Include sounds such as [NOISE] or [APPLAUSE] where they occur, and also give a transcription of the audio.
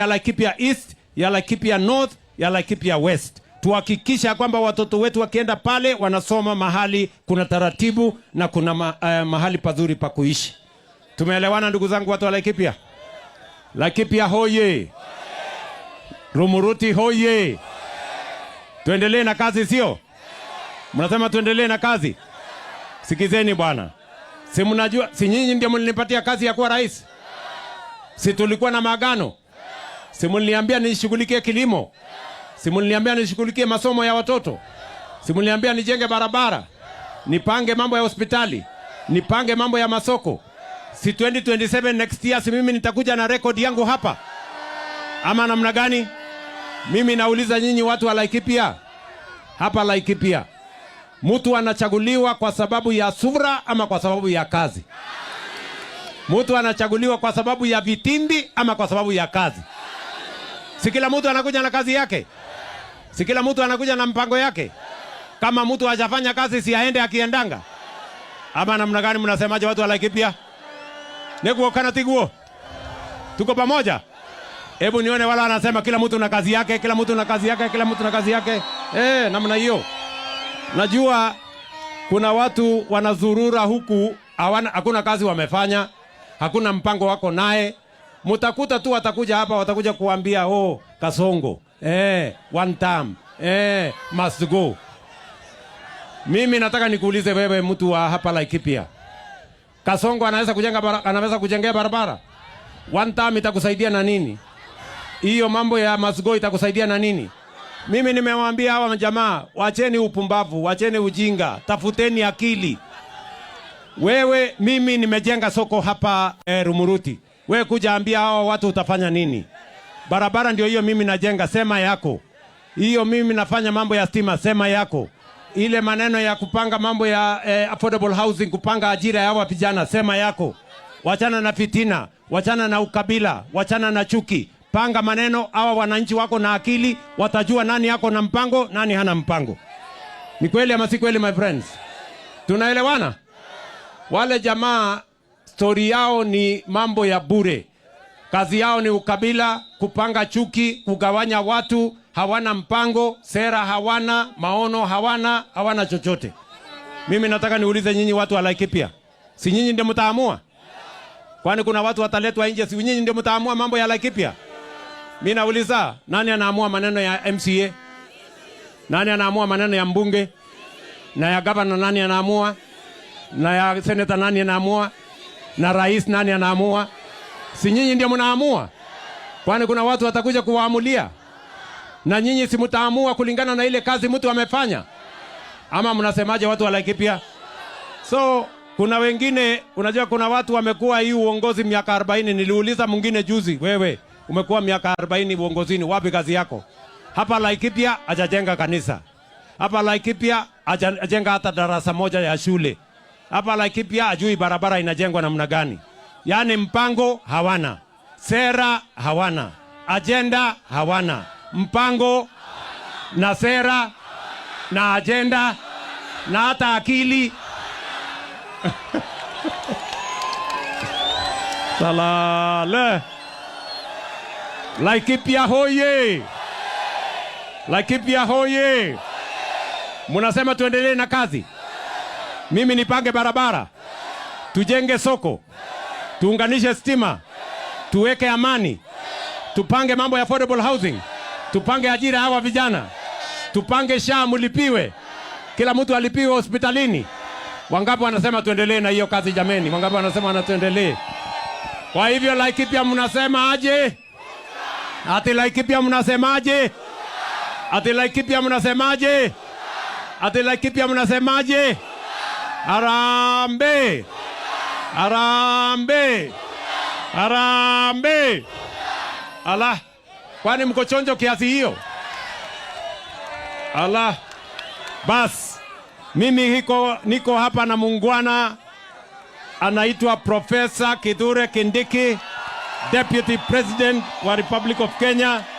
ya Laikipia East, ya Laikipia North, ya Laikipia West. Tuhakikisha kwamba watoto wetu wakienda pale wanasoma mahali kuna taratibu na kuna ma, uh, mahali pazuri pa kuishi. Tumeelewana ndugu zangu watu wa Laikipia? Laikipia hoye! Rumuruti hoye! Tuendelee na kazi sio? Mnasema tuendelee na kazi? Sikizeni bwana. Si mnajua si nyinyi ndio mlinipatia kazi ya kuwa rais? Si tulikuwa na maagano? Simuliambia nishughulikie kilimo, simuliambia nishughulikie masomo ya watoto, simuliambia nijenge barabara, nipange mambo ya hospitali, nipange mambo ya masoko. Si 2027 next year, si mimi nitakuja na rekodi yangu hapa ama namna gani? Mimi nauliza nyinyi watu wa Laikipia, hapa Laikipia, mtu anachaguliwa kwa sababu ya sura ama kwa sababu ya kazi? Mtu anachaguliwa kwa sababu ya vitindi ama kwa sababu ya kazi? Si kila mtu anakuja na kazi yake? Si kila mtu anakuja na mpango yake? Kama mtu hajafanya kazi si aende akiendanga? Ama namna gani mnasemaje watu wa Laikipia? Nikuo kana tiguo. Tuko pamoja? Hebu nione wala anasema kila mtu na kazi yake, kila mtu na kazi yake, kila mtu na kazi yake. Eh, namna hiyo. Najua kuna watu wanazurura huku hawana, hakuna kazi wamefanya, hakuna mpango wako naye mutakuta tu watakuja hapa, watakuja kuambia oh, Kasongo eh, one time eh, must go. Mimi nataka nikuulize wewe, mtu wa hapa Laikipia, Kasongo anaweza kujenga, anaweza kujengea barabara? One time itakusaidia na nini? Hiyo mambo ya must go itakusaidia na nini? Mimi nimewaambia hawa jamaa, wacheni upumbavu, wacheni ujinga, tafuteni akili. Wewe, mimi nimejenga soko hapa eh, Rumuruti. We kuja ambia hao watu utafanya nini? Barabara ndio hiyo, mimi najenga, sema yako. Hiyo mimi nafanya mambo ya stima, sema yako. Ile maneno ya kupanga mambo ya eh, affordable housing, kupanga ajira ya vijana, sema yako. Wachana na fitina, wachana na ukabila, wachana na chuki. Panga maneno, hawa wananchi wako na akili watajua nani yako na mpango, nani hana mpango. Ni kweli ama si kweli, my friends? Tunaelewana? Wale jamaa stori yao ni mambo ya bure. Kazi yao ni ukabila, kupanga chuki, kugawanya watu. Hawana mpango, sera hawana, maono hawana, hawana chochote. Mimi nataka niulize nyinyi watu wa Laikipia, si nyinyi ndio mtaamua? Kwani kuna watu wataletwa nje? Si nyinyi ndio mtaamua mambo ya Laikipia? Mimi nauliza, nani anaamua maneno ya MCA? Nani anaamua maneno ya mbunge na ya gavana? Nani anaamua na ya seneta? Nani anaamua na rais nani anaamua? Si nyinyi ndio mnaamua? Kwani kuna watu watakuja kuwaamulia? Na nyinyi si mtaamua kulingana na ile kazi mtu amefanya? Ama mnasemaje watu wa Laikipia? So kuna wengine, unajua kuna watu wamekuwa hii uongozi miaka 40. Niliuliza mwingine juzi, wewe umekuwa miaka arobaini uongozini, wapi kazi yako? Hapa Laikipia ajajenga kanisa, hapa Laikipia ajajenga hata darasa moja ya shule hapa Laikipia ajui barabara inajengwa namna gani. Yaani mpango hawana, sera hawana, ajenda hawana, mpango na sera na ajenda na hata akili [LAUGHS] Salale. Laikipia hoye! Laikipia hoye! Munasema tuendelee na kazi. Mimi nipange barabara, tujenge soko, tuunganishe stima, tuweke amani, tupange mambo ya affordable housing, tupange ajira hawa vijana, tupange SHA mulipiwe, kila mtu alipiwe hospitalini. Wangapi wanasema tuendelee na hiyo kazi jameni? Wangapi wanasema wanatuendelee? Kwa hivyo Laikipia mnasema aje? Ati Laikipia mnasemaje? Ati Laikipia mnasemaje? Ati Laikipia mnasemaje? Arambe! Arambe! Arambe! Ala, kwani mko chonjo kiasi hiyo? Ala, bas mimi hiko, niko hapa na mungwana anaitwa Profesa Kithure Kindiki, Deputy President wa Republic of Kenya.